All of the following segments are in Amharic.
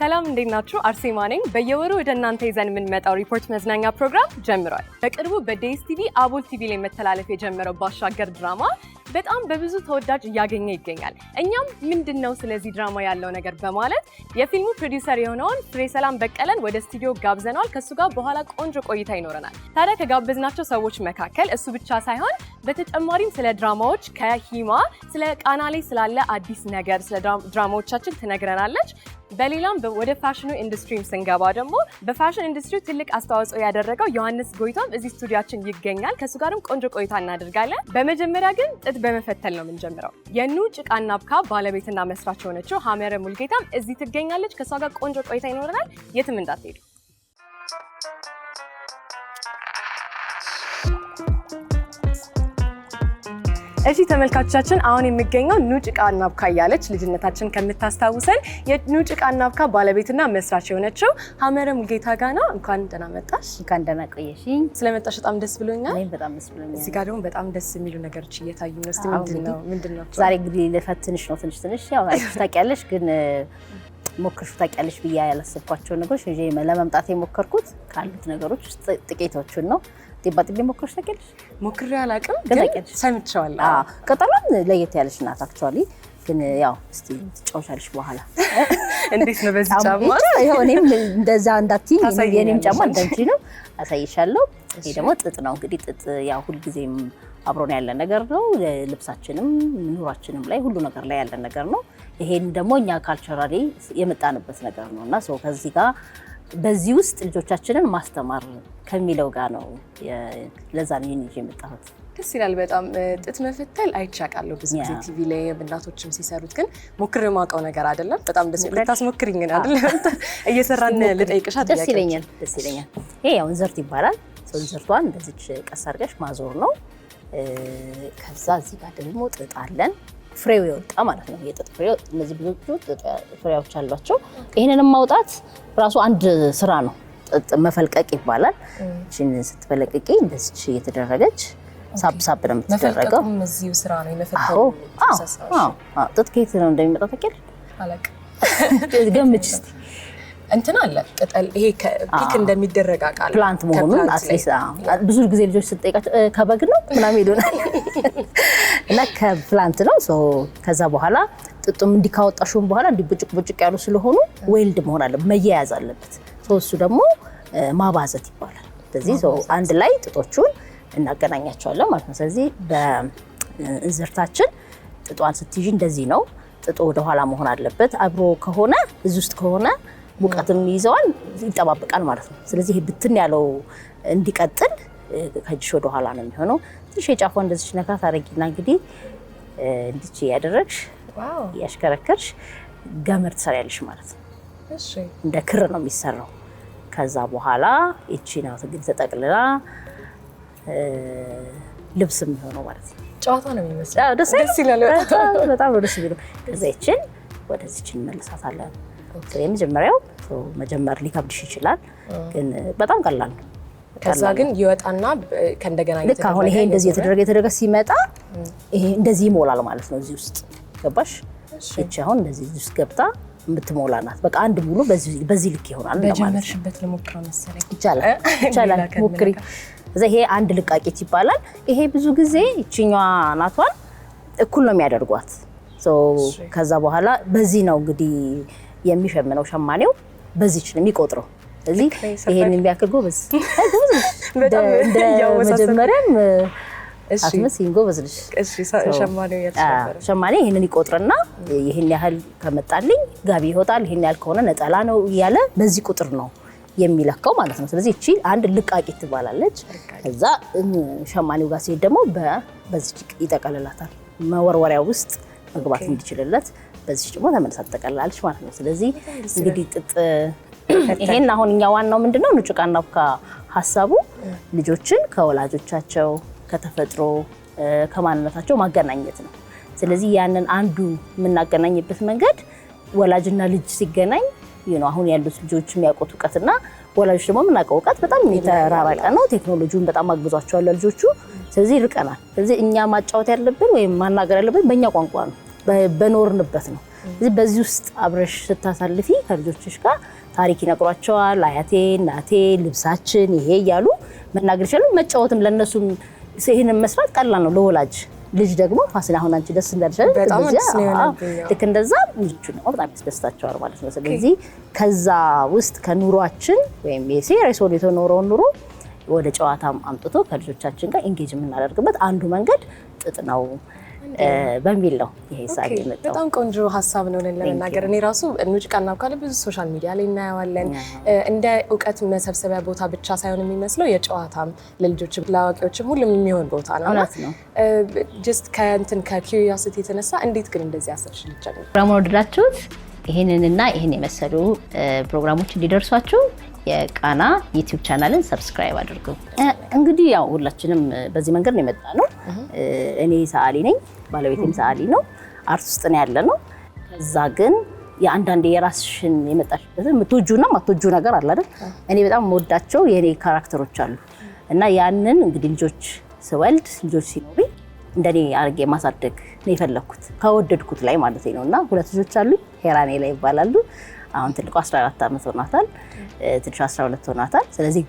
ሰላም እንዴት ናችሁ? አርሴማ ነኝ። በየወሩ ወደ እናንተ ይዘን የምንመጣው ሪፖርት መዝናኛ ፕሮግራም ጀምሯል። በቅርቡ በዴስ ቲቪ አቦል ቲቪ ላይ መተላለፍ የጀመረው ባሻገር ድራማ በጣም በብዙ ተወዳጅ እያገኘ ይገኛል። እኛም ምንድን ነው ስለዚህ ድራማ ያለው ነገር በማለት የፊልሙ ፕሮዲውሰር የሆነውን ፍሬ ሰላም በቀለን ወደ ስቱዲዮ ጋብዘነዋል። ከእሱ ጋር በኋላ ቆንጆ ቆይታ ይኖረናል። ታዲያ ከጋበዝናቸው ሰዎች መካከል እሱ ብቻ ሳይሆን በተጨማሪም ስለ ድራማዎች ከሂማ ስለ ቃና ላይ ስላለ አዲስ ነገር ስለ ድራማዎቻችን ትነግረናለች። በሌላም ወደ ፋሽኑ ኢንዱስትሪም ስንገባ ደግሞ በፋሽን ኢንዱስትሪ ትልቅ አስተዋጽኦ ያደረገው ዮሐንስ ጎይቶም እዚህ ስቱዲያችን ይገኛል። ከእሱ ጋርም ቆንጆ ቆይታ እናደርጋለን። በመጀመሪያ ግን ጥጥ በመፈተል ነው የምንጀምረው። የኑ ጭቃና ብካ ባለቤትና መስራች የሆነችው ሀመረ ሙልጌታም እዚህ ትገኛለች። ከእሷ ጋር ቆንጆ ቆይታ ይኖረናል። የትም እንዳትሄዱ። እሺ ተመልካቾቻችን አሁን የሚገኘው ኑ ጭቃ እናብካ እያለች ልጅነታችን ከምታስታውሰን የኑ ጭቃ እናብካ ባለቤትና መስራች የሆነችው ሀመረም ጌታ ጋር ነው። እንኳን ደህና መጣሽ። እንኳን ደህና ቆየሽኝ። ስለመጣሽ በጣም ደስ ብሎኛል። በጣም ደስ ብሎኛል። እዚህ ጋር ደግሞ በጣም ደስ የሚሉ ነገሮች እየታዩ ነው። እስኪ ምንድን ነው? ዛሬ እንግዲህ ልፈት ትንሽ ነው ትንሽ ትንሽ ያው ታውቂያለሽ ግን ሞክርሹ ታውቂያለሽ ብዬ ያላሰብኳቸው ነገሮች እ ለመምጣት የሞከርኩት ካሉት ነገሮች ውስጥ ጥቂቶቹን ነው። ጢባጢቤ ሞክርሹ ታውቂያለሽ? ሞክሬ አላውቅም፣ ግን ሰምቼዋለሁ። ቅጠሏም ለየት ያለች ናት አክቹዋሊ ግን ያው እስቲ ትጫወቻለሽ በኋላ እንዴት ነው በዚህ ጫማ እኔም እንደዛ እንዳትዪ የኔም ጫማ እንዳንቺ ነው አሳይሻለሁ ይሄ ደግሞ ጥጥ ነው እንግዲህ ጥጥ ያው ሁልጊዜም አብሮን ያለን ነገር ነው። ልብሳችንም ኑሯችንም ላይ ሁሉ ነገር ላይ ያለን ነገር ነው። ይሄን ደግሞ እኛ ካልቸራሊ የመጣንበት ነገር ነው እና ከዚህ ጋር በዚህ ውስጥ ልጆቻችንን ማስተማር ከሚለው ጋር ነው። ለዛ ነው ይህን የመጣሁት። ደስ ይላል በጣም ጥጥ መፈተል አይቻቃለሁ ብዙ ጊዜ ቲቪ ላይ እናቶችም ሲሰሩት፣ ግን ሞክር የማውቀው ነገር አይደለም። በጣም ደስ ይላል ልታስሞክሪኝ አይደለም? እየሰራን ልጠይቅሻ ደስ ይለኛል። ደስ ይለኛል። ይሄ ያው እንዝርት ይባላል። ሰው እንዝርቷን እንደዚች ቀስ አድርገሽ ማዞር ነው ከዛ እዚህ ጋር ደግሞ ጥጥ አለን። ፍሬው የወጣ ማለት ነው። የጥጥ ፍሬ እነዚህ ብዙዎቹ ፍሬዎች አሏቸው። ይህንንም ማውጣት ራሱ አንድ ስራ ነው። ጥጥ መፈልቀቅ ይባላል። እችን ስትፈለቅቂ እንደዚች እየተደረገች ሳብ ሳብ ነው የምትደረገው። ጥጥ ከየት ነው እንደሚመጣ ተኬል ገምች እስኪ እንትን አለ ቅጠል ይሄ ፒክ እንደሚደረግ አውቃለሁ። ፕላንት መሆኑን አትሊስት ብዙ ጊዜ ልጆች ስጠይቃቸው ከበግ ነው ምናምን ሄዶናል እና ከፕላንት ነው። ከዛ በኋላ ጥጡም እንዲህ ካወጣሽውን በኋላ እንዲህ ብጭቅ ብጭቅ ያሉ ስለሆኑ ወይልድ መሆን አለ መያያዝ አለበት። እሱ ደግሞ ማባዘት ይባላል። ስለዚህ አንድ ላይ ጥጦቹን እናገናኛቸዋለን ማለት ነው። ስለዚህ በእንዝርታችን ጥጧን ስትይዥ እንደዚህ ነው። ጥጦ ወደኋላ መሆን አለበት። አብሮ ከሆነ እዚህ ውስጥ ከሆነ ሙቀትም ይዘዋል ይጠባበቃል ማለት ነው። ስለዚህ ብትን ያለው እንዲቀጥል ከእጅሽ ወደ ኋላ ነው የሚሆነው። ትንሽ የጫፏ እንደዚች ነካ ታረጊና እንግዲህ እንድች እያደረግሽ እያሽከረከርሽ ገመድ ትሰሪያለሽ ማለት ነው። እንደ ክር ነው የሚሰራው። ከዛ በኋላ እቺ ናት እንግዲህ ተጠቅልላ ልብስ የሚሆነው ማለት ነው። ጨዋታ ነው የሚመስለው። ደስ ይላል። በጣም ነው ደስ የሚለው። ከዛ ይችን ወደዚችን እንመልሳታለን። የመጀመሪያው መጀመር ሊከብድሽ ይችላል፣ ግን በጣም ቀላል ነው። ከዛ ግን ይወጣና ከእንደገና ልክ አሁን ይሄ እንደዚህ የተደረገ የተደረገ ሲመጣ ይሄ እንደዚህ ይሞላል ማለት ነው። እዚህ ውስጥ ገባሽ? እቺ አሁን እንደዚህ እዚህ ውስጥ ገብታ የምትሞላ ናት። በቃ አንድ ሙሉ በዚህ ልክ ይሆናል ማለት ነው። መሰለኝ። ይቻላል፣ ይቻላል፣ ሞክሪ። እዛ ይሄ አንድ ልቃቄት ይባላል። ይሄ ብዙ ጊዜ ይችኛዋ ናቷን እኩል ነው የሚያደርጓት። ከዛ በኋላ በዚህ ነው እንግዲህ የሚሸምነው ሸማኔው በዚች ነው የሚቆጥረው። እዚህ ይሄን የሚያክል ጎበዝ መጀመሪያም አትመስይም ጎበዝ ልጅ ሸማኔ ይህንን ይቆጥርና ይህን ያህል ከመጣልኝ ጋቢ ይወጣል፣ ይህን ያህል ከሆነ ነጠላ ነው እያለ በዚህ ቁጥር ነው የሚለካው ማለት ነው። ስለዚህ እቺ አንድ ልቃቂት ትባላለች። ከዛ ሸማኔው ጋር ሲሄድ ደግሞ በዚህ ይጠቀልላታል መወርወሪያ ውስጥ መግባት እንዲችልለት በዚህ ጭሞ ተመልሳ ትጠቀልላለች ማለት ነው። ስለዚህ እንግዲህ ጥጥ ይሄን አሁን እኛ ዋናው ምንድነው ንጩቃና ቡካ ሀሳቡ ልጆችን ከወላጆቻቸው ከተፈጥሮ ከማንነታቸው ማገናኘት ነው። ስለዚህ ያንን አንዱ የምናገናኝበት መንገድ ወላጅና ልጅ ሲገናኝ ነው። አሁን ያሉት ልጆች የሚያውቁት እውቀትና ወላጆች ደግሞ የምናውቀው እውቀት በጣም የተራራቀ ነው። ቴክኖሎጂውን በጣም አግዟቸዋል ልጆቹ። ስለዚህ ርቀናል። ስለዚህ እኛ ማጫወት ያለብን ወይም ማናገር ያለብን በእኛ ቋንቋ ነው። በኖርንበት ነው። በዚህ ውስጥ አብረሽ ስታሳልፊ ከልጆችሽ ጋር ታሪክ ይነግሯቸዋል። አያቴ፣ እናቴ፣ ልብሳችን ይሄ እያሉ መናገር ይችላሉ። መጫወትም ለእነሱም ይህንን መስራት ቀላል ነው ለወላጅ ልጅ ደግሞ ፋሲል አሁን አንቺ ደስ እንዳልሻል ልክ እንደዛ ልጆቹ ነው በጣም ያስደስታቸዋል ማለት ነው። ስለዚህ ከዛ ውስጥ ከኑሯችን ወይም የሴሪየስ ሆኖ የተኖረውን ኑሮ ወደ ጨዋታም አምጥቶ ከልጆቻችን ጋር ኢንጌጅ የምናደርግበት አንዱ መንገድ ጥጥ ነው። በሚል ነው ይሄ ሀሳብ የመጣው። በጣም ቆንጆ ሀሳብ ነው ለመናገር። እኔ ራሱ ሙዚቃ እናውቃለን፣ ብዙ ሶሻል ሚዲያ ላይ እናየዋለን። እንደ እውቀት መሰብሰቢያ ቦታ ብቻ ሳይሆን የሚመስለው የጨዋታም ለልጆች ለአዋቂዎችም ሁሉም የሚሆን ቦታ ነው። ጀስት ከእንትን ከኪዩሪያሲቲ የተነሳ እንዴት ግን እንደዚህ አሰብሽ ልጀምር ፕሮግራሙን ወደዳችሁት? ይህንንና ይህን የመሰሉ ፕሮግራሞች እንዲደርሷችሁ የቃና ዩቲዩብ ቻናልን ሰብስክራይብ አድርጉ። እንግዲህ ያው ሁላችንም በዚህ መንገድ ነው የመጣ ነው። እኔ ሰዓሊ ነኝ፣ ባለቤቴም ሰዓሊ ነው። አርት ውስጥ ነው ያለ ነው። ከዛ ግን የአንዳንድ የራስሽን የመጣሽበትን የምትወጂውና የማትወጂው ነገር አለ አይደል? እኔ በጣም የምወዳቸው የእኔ ካራክተሮች አሉ እና ያንን እንግዲህ ልጆች ስወልድ ልጆች ሲኖሪ እንደኔ አድርጌ ማሳደግ ነው የፈለግኩት ከወደድኩት ላይ ማለት ነው። እና ሁለት ልጆች አሉኝ። ሄራኔ ላይ ይባላሉ። አሁን ትልቁ 14 ዓመት ሆኗታል፣ ትንሹ 12 ሆኗታል። ስለዚህ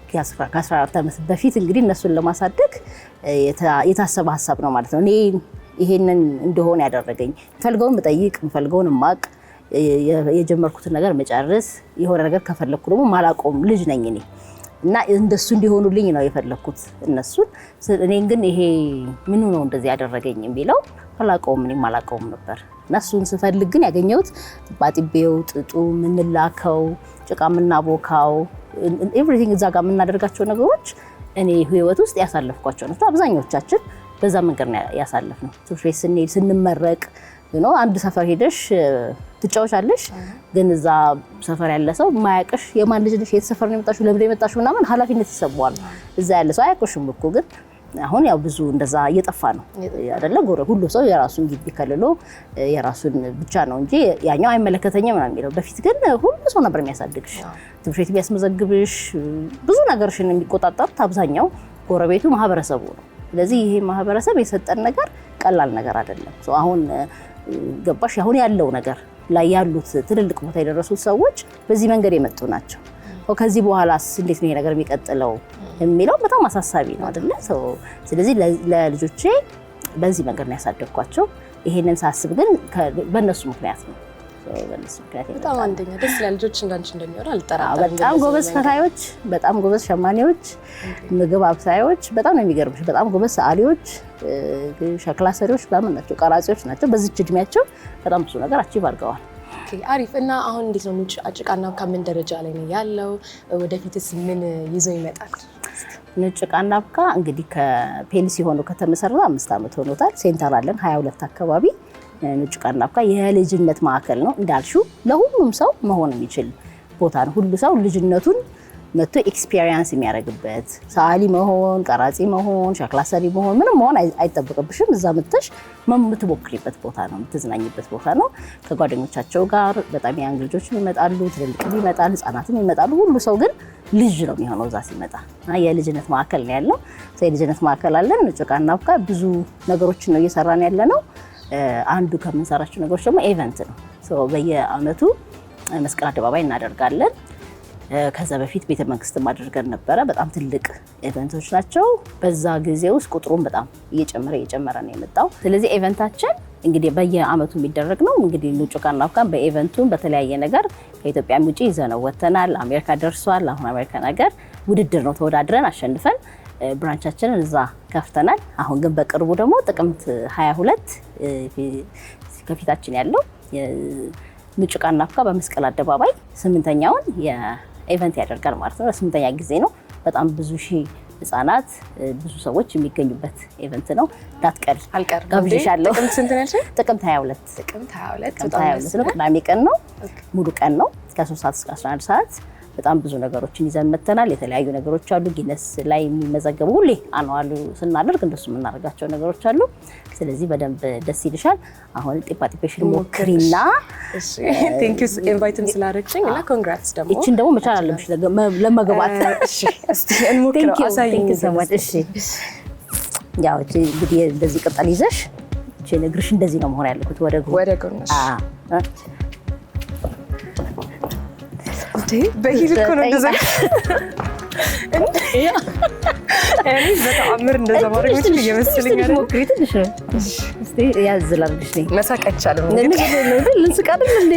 ከ14 ዓመት በፊት እንግዲህ እነሱን ለማሳደግ የታሰበ ሀሳብ ነው ማለት ነው። እኔ ይሄንን እንደሆነ ያደረገኝ የምፈልገውን ብጠይቅ የምፈልገውን ማቅ የጀመርኩትን ነገር መጨርስ የሆነ ነገር ከፈለግኩ ደግሞ ማላቆም ልጅ ነኝ እኔ እና እንደሱ እንዲሆኑልኝ ነው የፈለግኩት እነሱን። እኔን ግን ይሄ ምኑ ነው እንደዚህ ያደረገኝ የሚለው አላውቀውም፣ እኔም አላውቀውም ነበር። እና እሱን ስፈልግ ግን ያገኘሁት ባጢቤው፣ ጥጡ፣ ምንላከው ጭቃ፣ ምናቦካው ኤቭሪቲንግ እዛ ጋር የምናደርጋቸው ነገሮች እኔ ህይወት ውስጥ ያሳለፍኳቸው ናቸው። አብዛኞቻችን በዛ መንገድ ነው ያሳለፍነው። ትምህርት ቤት ስንሄድ ስንመረቅ፣ አንድ ሰፈር ሄደሽ ትጫወቻለሽ። ግን እዛ ሰፈር ያለ ሰው ማያቅሽ የማን ልጅ ነሽ፣ የት ሰፈር ነው የመጣሽው፣ ለምንድን የመጣሽው ምናምን ኃላፊነት ይሰማዋል። እዛ ያለ ሰው አያቅሽም እኮ ግን አሁን ያው ብዙ እንደዛ እየጠፋ ነው አይደለ? ጎረ ሁሉ ሰው የራሱን ግቢ ከልሎ የራሱን ብቻ ነው እንጂ ያኛው አይመለከተኝም ምናምን የሚለው። በፊት ግን ሁሉ ሰው ነበር የሚያሳድግሽ፣ ትምህርት ቤት የሚያስመዘግብሽ፣ ብዙ ነገርሽን የሚቆጣጠሩት አብዛኛው ጎረቤቱ ማህበረሰቡ ነው። ስለዚህ ይሄ ማህበረሰብ የሰጠን ነገር ቀላል ነገር አይደለም። አሁን ገባሽ? አሁን ያለው ነገር ላይ ያሉት ትልልቅ ቦታ የደረሱት ሰዎች በዚህ መንገድ የመጡ ናቸው። ከዚህ በኋላስ እንዴት ነው ነገር የሚቀጥለው የሚለው በጣም አሳሳቢ ነው አይደለ? ስለዚህ ለልጆቼ በዚህ መንገድ ነው ያሳደግኳቸው። ይሄንን ሳስብ ግን በእነሱ ምክንያት ነው በጣም አንደኛ ደስ ይላል። ልጆች እንዳንቺ እንደሚሆን አልጠራጠርም። በጣም ጎበዝ ፈታዮች፣ በጣም ጎበዝ ሸማኔዎች፣ ምግብ አብሳዮች፣ በጣም ነው የሚገርምሽ። በጣም ጎበዝ ሰዓሊዎች፣ ሸክላ ሰሪዎች ምናምን ናቸው፣ ቀራጺዎች ናቸው። በዚች እድሜያቸው በጣም ብዙ ነገር አቺቭ አድርገዋል። አሪፍ እና አሁን እንዴት ነው ጭቃና ብካም ምን ደረጃ ላይ ነው ያለው? ወደፊትስ ምን ይዞ ይመጣል? ጭቃና ብካ እንግዲህ ከፔንስ የሆነው ከተመሰረተ አምስት ዓመት ሆኖታል። ሴንተር አለን ሀያ ሁለት አካባቢ ምቹ ቀን የልጅነት ማዕከል ነው እንዳልሹ ለሁሉም ሰው መሆን የሚችል ቦታ ነው። ሁሉ ሰው ልጅነቱን መጥቶ ኤክስፔሪንስ የሚያደርግበት ሰዓሊ መሆን፣ ቀራጺ መሆን፣ ሸክላ ሰሪ መሆን ምንም መሆን አይጠበቅብሽም። እዛ ምተሽ የምትሞክሪበት ቦታ ነው፣ የምትዝናኝበት ቦታ ነው። ከጓደኞቻቸው ጋር በጣም ያንግ ልጆችም ይመጣሉ፣ ትልልቅ ይመጣል፣ ህጻናትም ይመጣሉ። ሁሉ ሰው ግን ልጅ ነው የሚሆነው እዛ ሲመጣ። የልጅነት ማዕከል ነው ያለው። የልጅነት ማዕከል አለን። ንጩ ቃና ብዙ ነገሮችን ነው እየሰራን ያለ ነው። አንዱ ከምንሰራቸው ነገሮች ደግሞ ኤቨንት ነው። በየአመቱ መስቀል አደባባይ እናደርጋለን። ከዛ በፊት ቤተ መንግስትም አድርገን ነበረ። በጣም ትልቅ ኤቨንቶች ናቸው። በዛ ጊዜ ውስጥ ቁጥሩን በጣም እየጨመረ እየጨመረ ነው የመጣው። ስለዚህ ኤቨንታችን እንግዲህ በየአመቱ የሚደረግ ነው። እንግዲህ ሉጮ ካናፍካን በኤቨንቱን በተለያየ ነገር ከኢትዮጵያ ውጭ ይዘነው ወተናል። አሜሪካ ደርሷል። አሁን አሜሪካ ነገር ውድድር ነው። ተወዳድረን አሸንፈን ብራንቻችንን እዛ ከፍተናል። አሁን ግን በቅርቡ ደግሞ ጥቅምት 22 ከፊታችን ያለው ምጭቃ ናፍካ በመስቀል አደባባይ ስምንተኛውን የኢቨንት ያደርጋል ማለት ነው። ለስምንተኛ ጊዜ ነው። በጣም ብዙ ሺህ ህጻናት ብዙ ሰዎች የሚገኙበት ኢቨንት ነው። እንዳትቀሪ አልቀርም፣ ጋብዤሻለሁ። ጥቅምት 22 ቅዳሜ ቀን ነው። ሙሉ ቀን ነው ከ3 ሰዓት እስከ 11 ሰዓት በጣም ብዙ ነገሮችን ይዘን መተናል። የተለያዩ ነገሮች አሉ። ጊነስ ላይ የሚመዘገቡ ሁሌ አኗዋሉ ስናደርግ እንደሱ የምናደርጋቸው ነገሮች አሉ። ስለዚህ በደንብ ደስ ይልሻል። አሁን ጢጳጢፔሽን ሞክሪና ኢንቫይትም ስላደረግሽኝ እና ኮንግራትስ ደግሞ ይችን ደግሞ መቻል አለብሽ ለመግባት ያው እንግዲህ እንደዚህ ቅጠል ይዘሽ እግርሽ እንደዚህ ነው መሆን ያለበት ወደ ጎን በሂል እኮ ነው እንደዛ እኔ በተአምር እንደዛ ማድረግ ምችል ነው። ያዝ ላድርግሽ። መሳቅ አይቻልም። ልንስቅ አይደል እንዴ?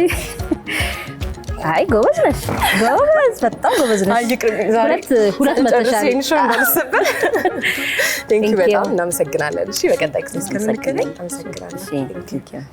አይ ጎበዝ ነሽ፣ ጎበዝ በጣም ጎበዝ ነሽ። ሁለት በጣም እናመሰግናለን። በቀጣይ ጊዜ እስከምንገናኝ